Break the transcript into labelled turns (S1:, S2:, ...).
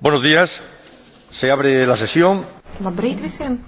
S1: Buenos días. Se abre la sesión.
S2: Labrīt visiem.